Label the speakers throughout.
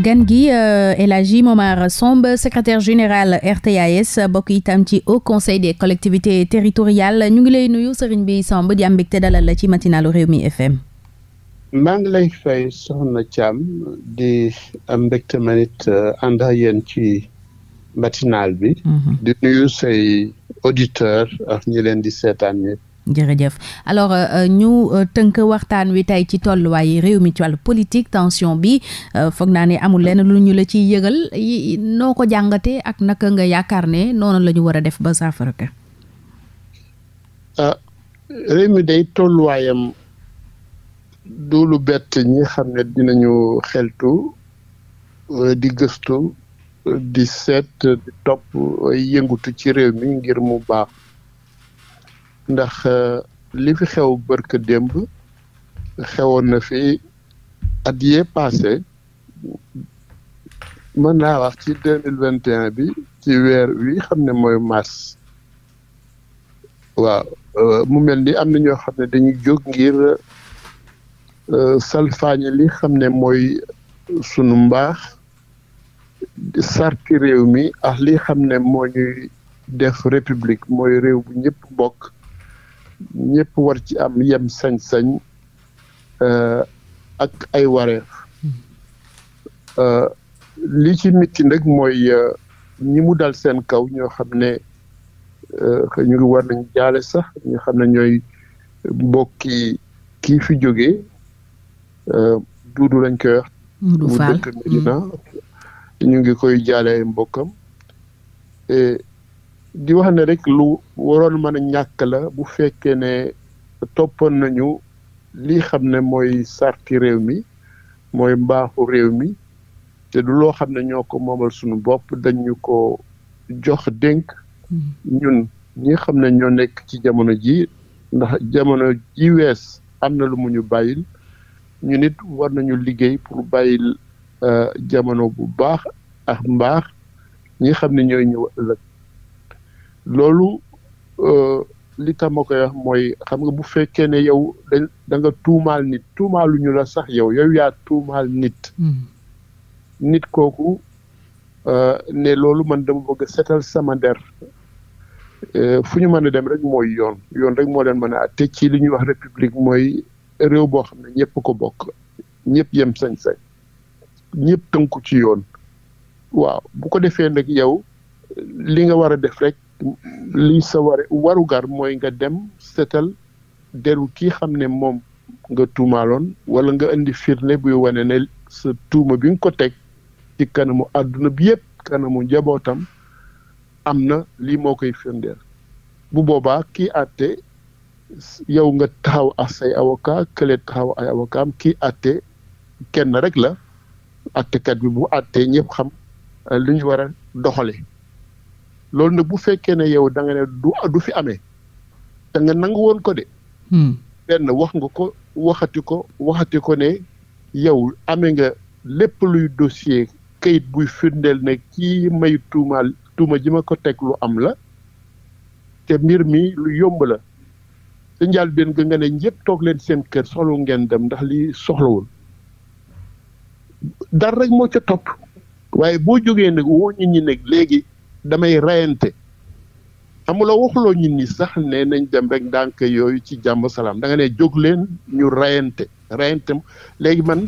Speaker 1: gan gi euh, El Hadji Momar Samb secrétaire général RTAS bokk itam ci Haut Conseil des collectivités territoriales ñu ngi lay nuyu sëriñ bi Samb di am mbégte dalal la ci matinalu Rewmi FM.
Speaker 2: maa ngi lay fay soxna Thiam di am mbégte man it euh, ànd ci matinal bi. Mhm. di nuyu say auditeurs ak ñi leen di seetaan ñëpp.
Speaker 1: jërëjëf alors euh, euh, ñu euh, tënk waxtaan wi tey ci tolluwaay réew mi ci wàllu politique bi foog naa ne amul lenn lu ñu la ciy yëgal noo ko jàngatee ak naka nga yaakaar ne noonu la ñu war a def ba saafara ka
Speaker 2: ah, réew mi day tolluwaayam du bett ñi xam ne dinañu xeltu di gëstu di seet di topp yëngutu ci réew mi ngir mu baax ndax euh, li fi xew bërk démb xewoon na fi at yee passé mën naa wax ci bi ci weer wi xam ne mooy mars waaw euh, mu mel ni am na ñoo xam ne dañuy jóg ngir euh, salfaañe li xam ne mooy sunu mbaax sarti réew mi ak lii xam ne moo ñuy def république mooy réew bu ñëpp mbokk ñëpp war ci am yem sañ-sañ euh, ak ay wareef euh, li ci métti nag mooy euh, ñi mu dal seen kaw ñoo xam ne ñu ngi war nañ jaale sax ñoo xam ne ñooy mbokki ki fi jóge duudu lañ koy wax mu mm. ñu ngi koy jaale ay mbokkam et di wax ne rek lu waroon mën a ñàkk la bu fekkee ne toppoon nañu li xam ne mooy sarti réew mi mooy mbaaxu réew mi te du loo xam ne ñoo ko moomal suñu bopp dañu ko jox dénk mm-hmm. ñun ñi xam ne ñoo nekk ci jamono ji ndax jamono ji wees am na lu mu ñu bàyyil ñun it war nañu liggéey pour bàyyil euh, jamono bu baax ak mbaax ñi xam ne ñooy ñëw loolu euh, li tax koy wax mooy xam nga bu fekkee ne yow dañ da nga tuumaal nit tuumaaluñu la sax yow yow yaa tuumaal nit. Hmm. nit kooku euh, ne loolu man dama bëgg a setal sama der. Euh, fu ñu mën a dem rek mooy yoon yoon rek moo leen mën a atte ci li ñuy wax république mooy réew boo xam ne ñëpp ko bokk ñëpp yem sañ-sañ ñëpp tënku ci yoon waaw bu ko defee nag yow li nga war a def rek li sa ware warugar mooy nga dem seetal deru kii xam ne moom nga tuumaaloon wala nga indi firnde buy wane ne sa tuuma bi nga ko teg ci kanamu àdduna bi yëpp kanamu njabootam am na lii moo koy firndeel bu boobaa kii àtte yow nga taxaw ak say kële taxaw ay avocat am kii àtte kenn rek la àttekat bi bu àttee ñëpp xam euh, li ñu war a doxalee loolu nag bu fekkee ne yow da ne du fi amee danga nga nangu woon ko de. Hmm. benn wax nga ko waxati ko waxati ko ne yow amee nga lépp luy dossier kayit buy firndeel ne kii may tuumaal tuuma ji ma ko teg lu am la te mbir mi lu yomb la te njaal benn ga nga ne ñëpp toog leen seen kër soxlu ngeen dem ndax li soxlawul dara rek moo ca topp waaye boo jógee nag woo nit ñi nag léegi. damay reyante xam nga loo waxuloo ñun ñi sax ne nañ dem rek ndànk yooyu ci jàmm salaam da nga ne jóg leen ñu reyante reyante léegi man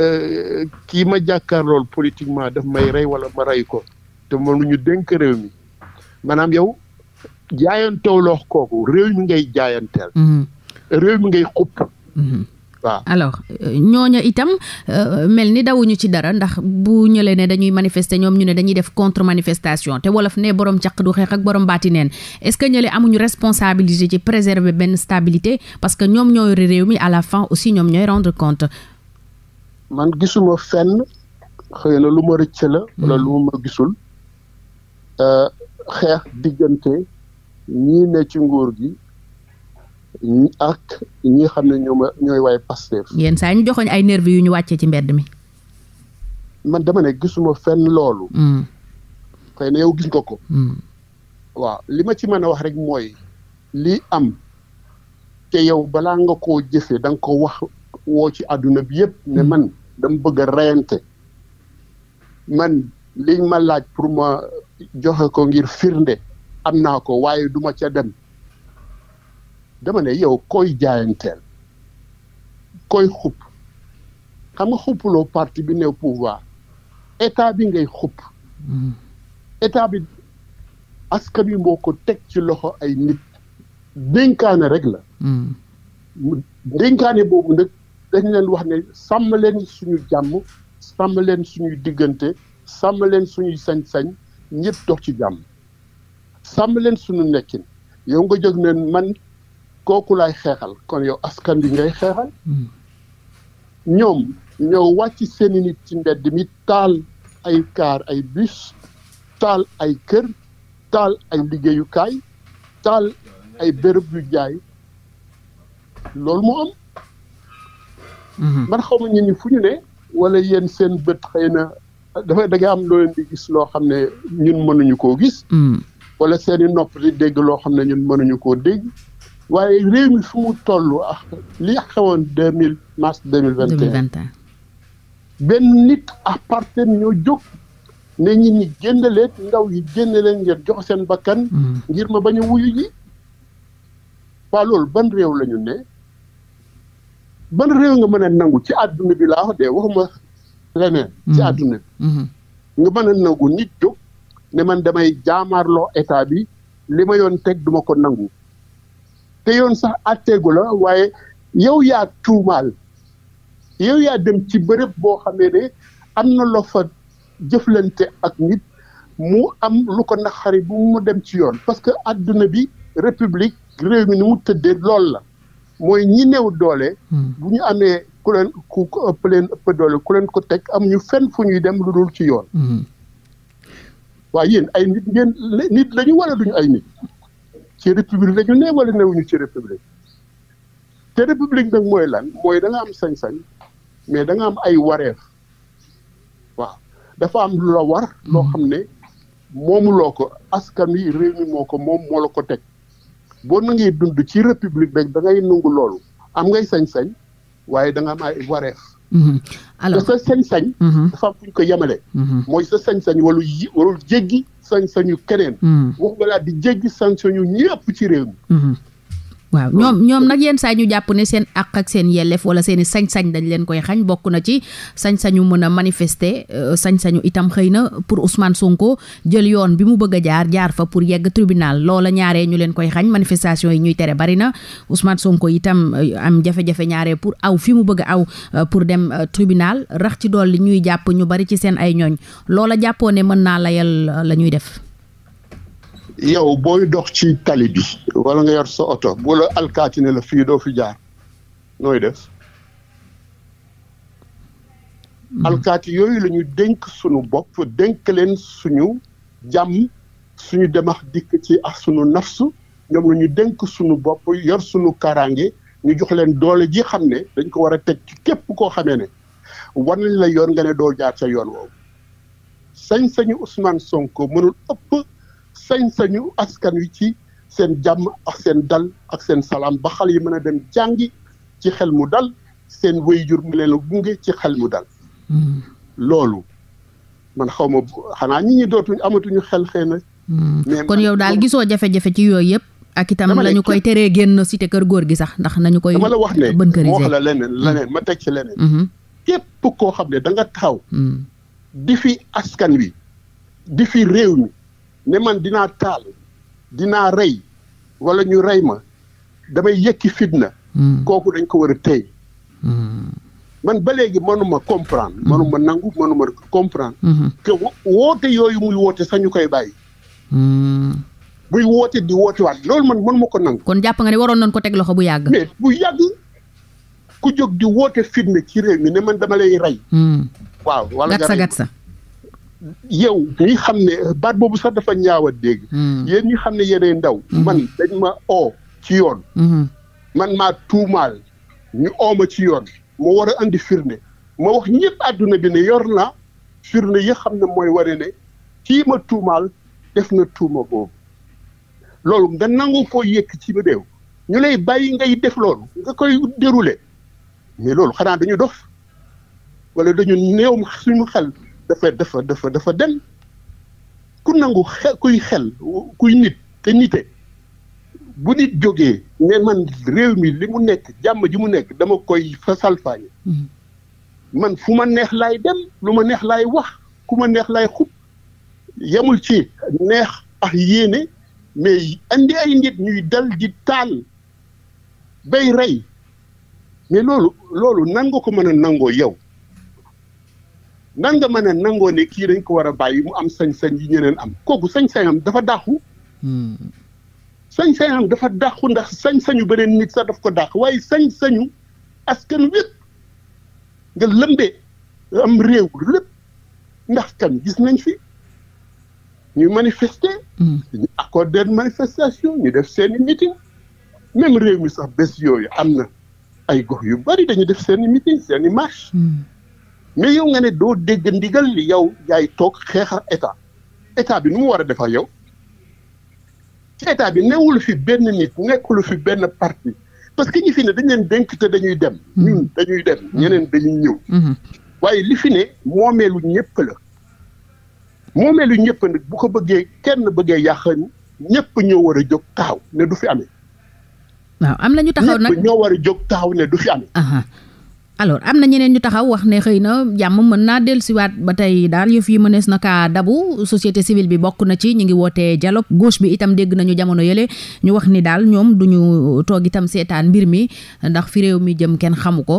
Speaker 2: euh, kii ma jàkkaarlool politiquement daf may rey wala ma rey ko te moom ñu dénk réew mi maanaam yow jaayantewloo kooku réew mi ngay jaayanteel. Mm-hmm. réew mi ngay xupp. Mm-hmm. waaw
Speaker 1: alors euh, ñooña itam euh, mel ni dawuñu ci dara ndax bu ñële ne dañuy manifester ñoom ñu ne dañuy def contre manifestation te wolof ne borom caq du xeex ak borom baati neen est-ce que ñële amuñu responsabilité ci préserver benn stabilité parce que ñoom ñooy réew mi à la fin aussi ñoom ñooy rendre compte.
Speaker 2: man gisuma fenn xëy na lu ma rëcc la. wala hmm. lu ma gisul euh, xeex diggante ñii ne ci nguur gi. ak ñi nga xam ne ñoom ñooy waaye Pastef.
Speaker 1: yenn saa ñu joxoñ ay nervi yu ñu wàccee ci mbedd mi.
Speaker 2: man dama ne gisuma fenn loolu. Mm. xëy na yow gis nga ko. Mm. waaw li ma ci mën a wax rek mooy li am te yow balaa nga koo jëfee danga ko wax woo ci àdduna bi yépp ne mm. man dam bëgg a reyante man liñ ma laaj pour ma joxe ko ngir firnde am naa ko waaye duma ca dem. dama ne yow koy jaayanteel koy xupp xam nga xuppuloo partie bi néew pouvoir état bi ngay xupp mm. état bi askan bi boo ko teg ci loxo ay nit dénkaane rek la mm. dénkaane boobu nag dañ leen wax ne sàmm leen suñu jàmm sàmm leen suñuy diggante sàmm leen suñuy sañ-sañ ñëpp dox ci jàmm sàmm leen suñu nekkin yow nga jóg ne man kooku laay xeexal kon yow askan bi ngay xeexal hmm. ñoom ñëw wàcc seeni nit ci mbedd mi taal ay kaar ay bus taal ay kër taal ay liggéeyukaay taal ay bërëb yu jaay loolu moo hmm. man xaw ma ñu ni fu ñu ne walla yéen seen bët xëy na dafa da am loo di gis loo xam ne ñun mënuñu koo gis hmm. wala seeni nopp di dégg loo xam ne ñun mënuñu koo dégg waaye réew mi fu mu toll ah, li xewoon deux mille mars deux mille vingt et benn nit appartient ñoo jóg ne ñi ñi génn leen ndaw yi génn leen ngir jox seen bakkan hmm. ngir ma bañ a wuyu ji waa loolu ban réew lañu ñu ne ban réew nga mën a nangu ci àdduna bi laa wax de waxuma leneen ci hmm. àdduna bi hmm. nga mën a nangu nit jóg ne man damay jaamaarloo état bi li ma yoon teg duma ko nangu te yoon sax atteegu la waaye yow yaa tuumaal yow yaa dem ci bërëb boo xamee ne am na loo fa jëflante ak nit mu am lu ko naqari bu mu dem ci yoon parce que àdduna bi république réew mi ni mu tëddee lool la mooy ñi new doole hmm. bu ñu amee ku leen ku ëpp leen ëpp doole ku leen ko teg am ñu fenn fu ñuy dem lu dul ci yoon hmm. waaye yéen ay nit nit lañu wala duñu ay nit ci république la ñu ne wala newuñu ci république te république nag mooy lan mooy danga am sañ-sañ mais danga am ay wareef waaw dafa am lu la war loo hmm. xam ne moomuloo ko askan wi réew mi moo ko moom moo la ko teg boo na ngay dund ci république rek da ngay nangu loolu am ngay sañ-sañ waaye danga nga am ay wareef Mhm. alors te sa sañ-sañ. Mhm. dafa am fu ñu ko yemale. Mhm. mooy sa sañ-sañ walu yi warul sañ-sañu keneen. wax nga laa di jéggi sañ-sañu ñëpp ci réew mi.
Speaker 1: waaw ñoom ñoom nag yenn saa ñu jàpp ne seen àq ak seen yelleef wala seeni i sañ-sañ dañ leen koy xañ bokk na ci sañ-sañu mën a manifester euh, sañ-sañu itam xëy na pour Ousmane Sonko jël yoon bi mu bëgg a jaar jaar fa pour yegg tribunal loola ñaaree ñu leen koy xañ manifestation yi ñuy tere bari na Ousmane Sonko itam euh, am jafe-jafe pour aw fi mu bëgg aw euh, pour dem tribunal rax ci dolli ñuy jàpp ñu bari ci seen ay ñooñ loola jàppoo ne mën naa layal la ñuy def
Speaker 2: yow booy dox ci tali bi wala nga yor sa oto bu la alkaati ne la fii doo fi jaar nooy def hmm. alkaati yooyu la ñu dénk suñu bopp dënk leen suñu jàmm suñu demax dikk ci ak sunu nafsu ñoom la ñu dénk suñu bopp yor sunu karaange ñu jox leen doole ji xam ne dañ ko war a teg ci képp koo xame ne war nañ la yoon nga ne doo jaar sa yoon woowu sañ-sañu Ousmane Sonko mënul ëpp sañ-sañu askan wi ci seen jàmm ak seen dal ak seen salaam ba xale yi mën a dem jàngi ci xel mu dal seen wéyjur mu leen gunge ci xel mu dal. Hmm. loolu man xaw ma xanaa ñi ñi dootu amatuñu xel xëy na. Hmm.
Speaker 1: kon yow daal gisoo jafe-jafe ci yooyu yëpp. ak itam la ñu koy teree génn te kër góor gi sax ndax nañu koy. dama la wax
Speaker 2: ne ma wax la leneen hmm. leneen ma teg ci leneen. képp koo xam ne danga nga di fi askan wi. di fi réew mi. ne man dinaa taal dinaa rey wala ñu rey ma damay yëkki fitna. Hmm. kooku dañ ko war a téye. Hmm. man ba léegi mënuma comprendre mënuma hmm. nangu mënuma comprendre que woote yooyu muy woote ñu koy bàyyi muy woote di woote waat loolu man mënuma ko nangu kon jàpp nga ne waroon nañ ko teg loxo bu yàgg mais bu yàgg ku jóg di woote fitna ci réew mi ne man dama lay rey waaw wala gatsa gatsa yow ñi xam ne euh, baat boobu sax dafa ñaaw a dégg. Hmm. yéen ñi xam ne yéenay ndaw. Hmm. man dañ ma o ci yoon. Hmm. man maa tuumaal ñu oo ma ci yoon. ma war a indi firnde ma wax ñëpp àdduna bi ne yor na firnde yi xam ne mooy waree ne kii ma tuumaal def na tuuma boobu loolu nga nangu ko yëkk ci réew ñu lay bàyyi ngay def loolu nga koy dérouler mais loolu xanaa dañu dof wala dañu néew suñu xel. dafa dafa dafa dafa dem ku nangu xel kuy xel kuy nit te nite bu nit jógee ne man réew mi li mu nekk jàmm ji mu nekk dama koy fasal hmm. man fu ma neex laay dem lu ma neex laay wax ku ma neex laay xub yemul ci neex ak yéene mais andi ay nit ñuy dal di taal bay rey mais loolu loolu nan nga ko mën a nangoo yow nan nga mën a nangoo ne kii dañ ko war a bàyyi mu am sañ-sañ yi ñeneen am kooku sañ-sañam dafa dàqu. Hmm. sañ dafa dàqu ndax sañ-sañu beneen nit sax daf ko dàq waaye sañ-sañu askan wépp nga lëmbee am réew lépp ndax kan gis nañ fi ñuy manifester. Hmm. ñu accorder manifestation ñu def seeni meeting même réew mi sax bés yooyu am na ay gox yu bari dañu def seeni meeting seeni marche. Hmm. mais yow nga ne doo dégg ndigal li yow yaay toog xeexal état état bi nu mu war a defar yow état bi newul fi benn nit nekkul fi benn parti parce que ñi fi ne dañ leen dénk te dañuy dem. Mm-hmm. dañuy dem mm-hmm. ñeneen dañuy ñëw. Mm-hmm. waaye li fi ne moomeelu ñëpp la. moomeelu ñëpp nag bu ko bëggee kenn bëggee yàq ñëpp ñoo war a jóg taxaw ne du fi amee. waaw am na ñu taxaw nag ñoo war a jóg taxaw ne du fi amee.
Speaker 1: alors am na ñeneen ñu taxaw wax ne xëy na jàmm mën naa dellusiwaat ba tey daal yëf yi mënees na kaa dabu société civile bi bokk na ci ñu ngi wootee dialogue gauche bi itam dégg nañu jamono yële ñu wax ni daal ñoom du ñu toog itam seetaan mbir mi ndax fi réew mi jëm kenn xamu ko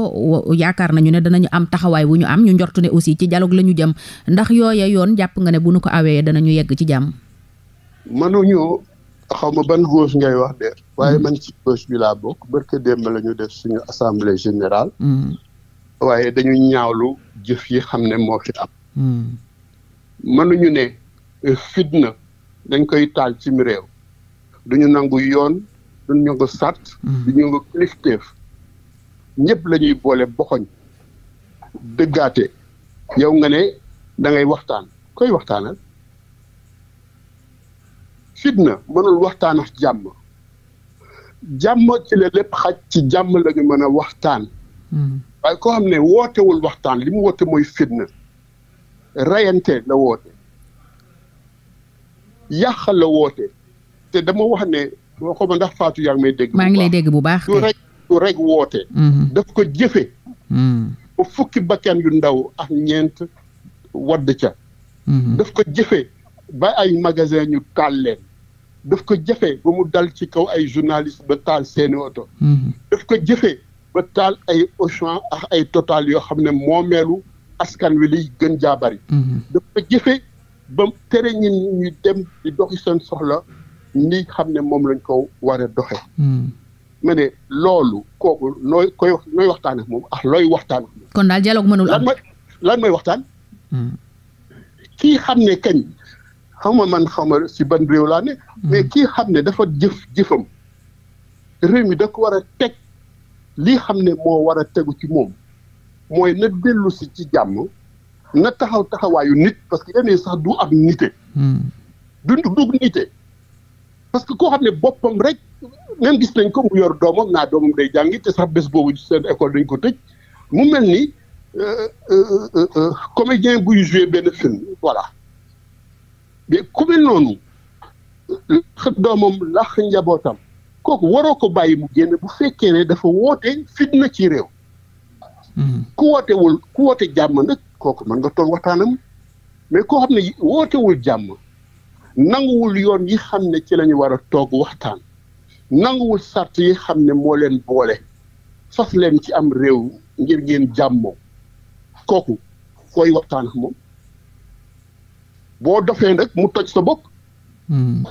Speaker 1: yaakaar nañu ne danañu am taxawaay wu ñu am ñu njortu ne aussi ci dialogue lañu ñu jëm ndax yooya yoon jàpp nga ne bu nu ko awee danañu yegg ci jàmm.
Speaker 2: mënuñu xaw ma ban gauche ngay wax de. waaye mm-hmm. ci gauche bi laa bokk barke waaye dañu ñaawlu jëf yi xam ne moo fi am hmm. mënuñu ne eh, fitna dañ koy taal ci mi réew duñu nangu yoon duñu nangu sart hmm. duñu nangu kilifteef ñëpp la ñuy boole boxoñ dëggaate yow nga ne dangay waxtaan koy waxtaanal fitna mënul waxtaan ak jàmm jàmm ci la lépp xaj ci jàmm la mën a waxtaan hmm. waaye koo xam ne wootewul waxtaan li mu woote mooy fitna rayante la woote yàq la woote te dama wax ne boo ko ma ndax Fatou yaa ngi maa
Speaker 1: ngi lay dégg bu baax
Speaker 2: du rek du rek woote. Mm-hmm. daf ko jëfe mm-hmm. fukki bakkan yu ndaw ak ñeent wadd ca. Mm-hmm. daf ko jëfe ba ay magasin ñu taal leen. daf ko jëfe ba mu dal ci kaw ay journaliste ba taal seeni oto. daf ko jëfe ba taal ay Auchan ak ay Total yoo xam ne moomeelu askan wi liy gën jaa bari. Mhm. dafa jëfe ba tere ñi ñu dem di doxi seen soxla ni xam ne moom lañ ko war a doxe mhm. ma ne loolu kooku nooy koy waxtaan moom a looy waxtaan ak moom.
Speaker 1: kon daal dialogue mënul am
Speaker 2: lan mooy waxtaan. Mhm. kii xam ne kañ xam a man xaw ma si ban réew laa ki xam ne dafa jëf jëfam réew mi da ko war li xam ne moo war a tegu ci moom mooy na dellu ci jàmm na taxaw taxawaayu nit parce que yenn sax du am nite. Hmm. du du nite. parce que koo xam ne boppam rek même gis nañ ko mu yor doomam naa doomam day jàngi sax bés boobu seen école dañ ko tëj mu mel ni euh, euh, euh, comédien buy joué benn film voilà mais ku mel noonu lax doomam lax njabootam. kooku waroo ko bàyyi mu génn bu fekkee ne dafa woote fitna ci réew. Hmm. ku wootewul ku woote jàmm nag kooku mën nga toog waxtaanam mais koo xam ne wootewul jàmm nanguwul yoon yi xam ne ci lañuy ñu war a toog waxtaan nanguwul sart yi xam ne moo leen boole fas leen ci am réew ngir ngeen jàmmoo kooku koy waxtaan moom boo dofee nag mu toj sa bokk hmm.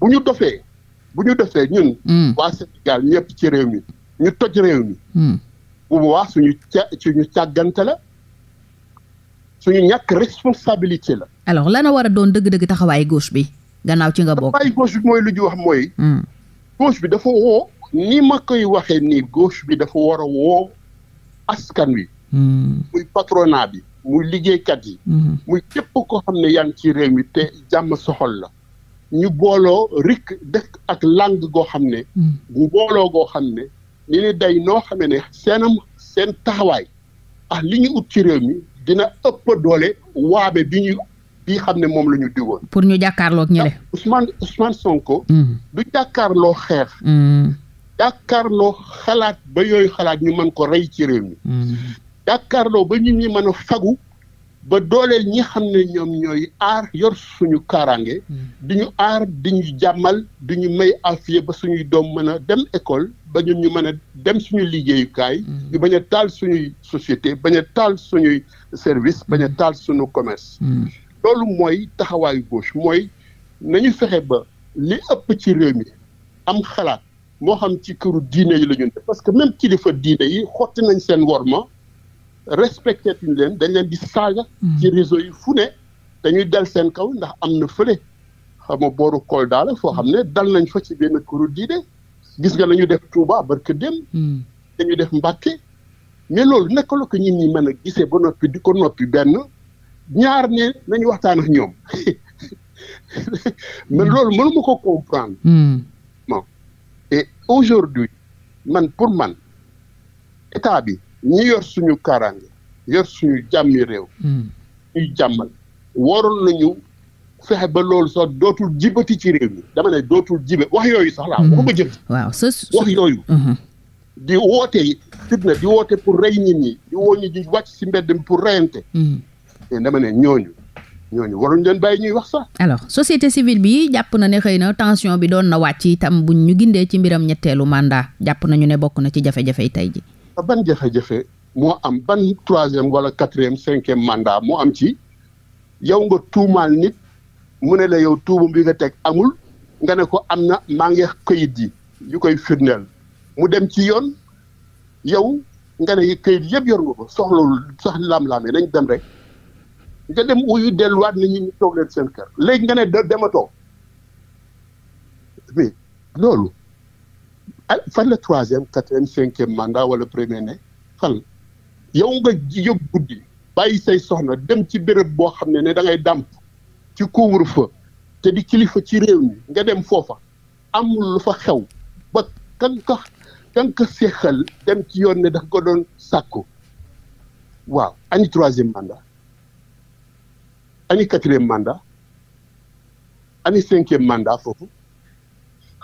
Speaker 2: bu ñu dofee bu ñu defee ñun. Hmm. waa Sénégal yëpp ci réew mi ñu toj réew mi. Hmm. bu boobaa suñu ca suñu càggante la suñu ñàkk responsabilité la.
Speaker 1: alors lan a war a doon dëgg-dëgg taxawaayu gauche bi gannaaw ci nga bokk.
Speaker 2: taxawaayu bi mooy lu ñu wax mooy. Hmm. gauche bi dafa woo. ni ma koy waxee nii gauche bi dafa war a woo askan wi.
Speaker 3: muy
Speaker 2: patronat bi muy liggéeykat yi. muy képp koo xam ne yaa ci réew mi te jàmm soxol la. ñu booloo rikk dëkk ak langue goo xam ne. Hmm. ñu booloo goo xam ne. ñu ni day noo xamee ne seenam seen taxawaay ah li ñu ut ci réew mi dina ëpp doole waabe bi ñu bi xam ne moom la ñu diwoon.
Speaker 1: pour ñu jàkkaarloo ak ñële.
Speaker 2: Ousmane Sonko. Hmm. du jàkkaarloo xeex. Hmm. jàkkaarloo xalaat ba yooyu xalaat ñu mën ko rey ci réew mi. jàkkaarloo ba nit ñi mën a fagu. ba dooleel ñi xam ne ñoom ñooy aar yor suñu kaaraange. Hmm. di ñu aar di ñu jàmmal di ñu may afiya ba suñuy doom mën a dem école ba ñun ñu mën a dem suñu liggéeyukaay. Hmm. ñu bañ a taal suñuy société bañ a taal suñuy service bañ a hmm. taal suñu commerce. loolu mooy taxawaayu gauche mooy nañu fexe ba li ëpp ci réew mi am xalaat moo xam ci këru diine yi la ñu parce que même kilifa diine yi xotti nañ seen worma. respecté tuñ leen dañ leen di saaga. Hmm. ci réseau yi fu ne dañuy dal seen kaw ndax am na fële xam nga booru Kolda la foo xam ne hmm. dal nañ fa ci benn kuréel diine gis nga la ñu def Touba barke dem hmm. dañuy def Mbàkke mais loolu naka la ko ñi mën a gisee ba noppi di ko noppi benn ñaar ne nañu waxtaan ak ñoom mais loolu mënuma ko comprendre. bon et aujourd'hui man pour man état bi. ñi yor suñu kaaraange yor suñu jàmmi réew. ñuy hmm. jàmmal waroon nañu fexe ba loolu sax dootul jibati ci réew mi dama ne dootul jibe wax yooyu sax laa hmm. wax ba jëf. waaw wax yooyu. Hmm. di woote fitna di woote pour rey nit ñi di woo ñu di wàcc si mbedd mi pour reyante. mais dama ne ñooñu. ñooñu waruñ leen bàyyi ñuy wax sax. alors
Speaker 1: société civile bi jàpp na ne xëy na tension bi doon na wàcc itam buñ ñu gindee ci mbiram ñetteelu màndaa jàpp nañu ne bokk na ci jafe-jafe yi tey ji
Speaker 2: ban jafe-jafe moo am ban troisième wala quatrième cinquième mandat moo am ci yow nga tuumaal nit mu ne la yow tuuma bi nga teg amul nga ne ko am na maa ngi këyit yi yu koy firndeel mu dem ci yoon yow nga kayit këyit yëpp yor nga ko soxlawul sax laam-laamee nañ dem rek nga dem uyu delluwaat nit ñu toog leen seen kër léegi nga ne dematoo loolu ay fan la troisième quatrième cinquième mandat wala premier ne fan yow nga yëg guddi bàyyi say soxna dem ci béréb boo xam ne ne dangay dàmp ci couvre-feu te di kilifa ci réew mi nga dem foofa amul lu fa xew ba kan ka kan dem ci yoon ne daf ko doon sàkku waaw ani troisième mandat ani quatrième mandat ani cinquième mandat foofu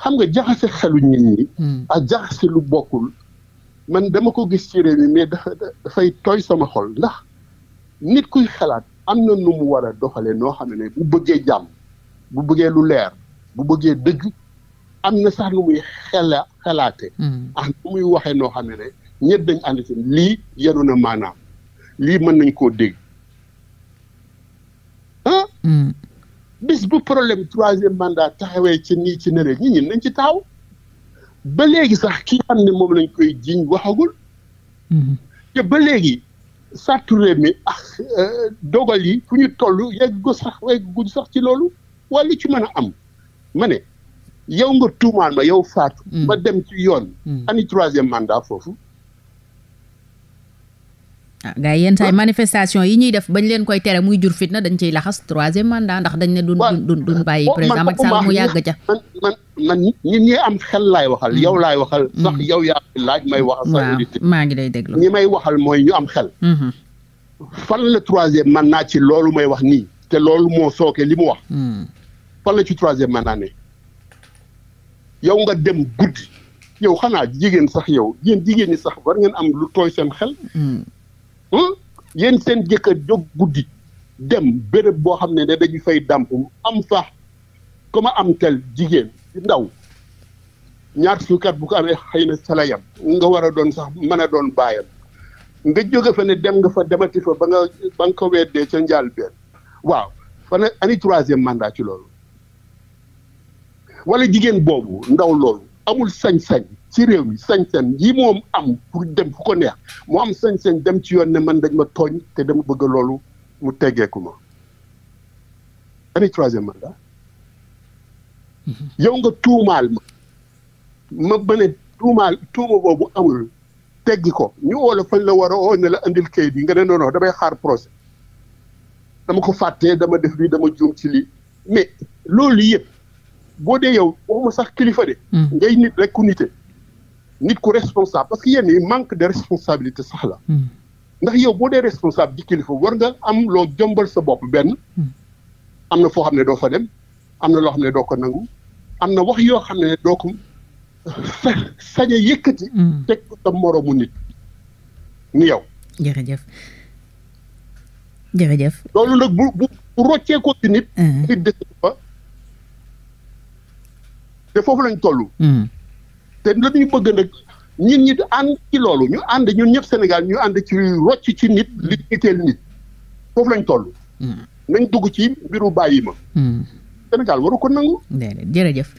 Speaker 2: xam nga jaxase xelu nit ñi. Hmm. ak jaxase lu bokkul. man dama ko gis ci réew mi mais dafa dafay tooy sama xol ndax nit kuy xalaat am na nu mu war a doxalee noo xam ne bu bëggee jàmm bu bëggee lu leer bu bëggee dëgg am na sax nu muy xela xalaate hmm. nu muy waxee noo xam ne ñëpp dañ ànd lii yenu na maanaam lii mën nañ koo dégg hmm. bis bu problème troisième mandat taxawee ci nii ci nene ñi ñun nañ ci taaw ba léegi sax ki xam ne moom lañ koy jiñ waxagul mhm. te ba léegi saturé mi ak euh, dogal yi fu ñu toll yegg gu sax yegg gu sax ci loolu wala ci mën a am ma ne yow nga tuumaan ma yow faatu mm. ma dem ci yoon mm. ani troisième mandat foofu
Speaker 1: ah gars yi yenn saa yi manifestation yi ñuy def bañ leen koy tere muy jur fitna dañ ciy laxas troisième mandat ndax dañ ne duñ duñ duñ bàyyi président Macky Sall mu yàgg ca
Speaker 2: man man man ñi ñi am xel laay waxal hmm. yow laay waxal sax hmm. yow yaa laaj may waxal sa auditeurs maa ngi lay déglu ñi may waxal mooy ñu am xel hmm. fan la man mandat ci loolu may wax nii te loolu moo sooke li mu wax fan la ci troisième mandat ne yow nga dem guddi yow xanaa jigéen sax yow yéen jigéen ñi sax war ngeen am lu tooy seen xel yéen seen jëkkër jog guddi dem béréb boo xam ne ne dañu fay dàmp am fa comme am tel jigéen ci ndaw ñaar suukat bu ko amee xëy na sala yam nga war a doon sax mën a doon baayam nga jóge fa ne dem nga fa demati fa ba nga ba nga ko weddee ca njaal benn waaw fa ne ani troisième mandat ci loolu wala jigéen boobu ndaw loolu amul sañ-sañ ci réew mi sañ-sañ yi moom am pour dem fu ko neex mu am sañ-sañ dem ci yoon ne man dañ ma tooñ te dama bëgg loolu mu teggeeku ma ani man mandat mhm. yow nga tuumaal ma ma ba ne tuumaal tuuma boobu amul teggi ko ñu woo la fañ la war a ne la indil kayit yi nga ne non non damay xaar procès dama ko fàttee dama def lii dama juum ci lii mais loolu yëpp boo dee yow waxuma sax kilifa de. Hmm. ngay nit rek ku nit ku responsable parce que yenn manque de sax la. Hmm. ndax yow boo dee responsable di kilifa war nga am loo jombal sa bopp benn. Hmm. am na foo xam ne doo fa dem am na loo xam ne doo ko nangu am na wax yoo xam ne doo ko sañ a yëkkati. teg ko moroomu nit ni yow. jërëjëf jërëjëf. loolu nag bu bu roccee ko ci nit. nit des fa te foofu lañu toll. Hmm. te dañuy bëgg nag ñun ñi ànd ci loolu ñu ànd ñun ñëpp Sénégal ñu ànd ci rocc ci nit li itteel nit foofu lañ toll. Hmm. nañ dugg ci mbiru bàyyi ma. Hmm. Sénégal waru ko nangu. jërëjëf.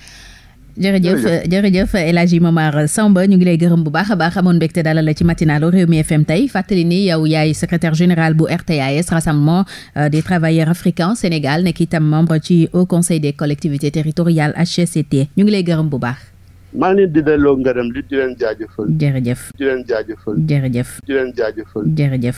Speaker 2: jërëjëf
Speaker 1: jërëjëf El Hadji Momar Samba ñu ngi lay gërëm bu baax a baax amoon mbégte dalal la ci matinalu Rewmi FM tey fàttali ni yow yaay secrétaire général bu RTAS rassemblement euh, des travailleurs africains Sénégal nekk itam membre ci Haut Conseil des collectivités territoriales HCT ñu ngi lay gërëm bu
Speaker 3: baax.
Speaker 2: maa ngi leen di delloo ngërëm li di leen jaajëfal. jërëjëf di leen jaajëfal. jërëjëf di
Speaker 3: jërëjëf.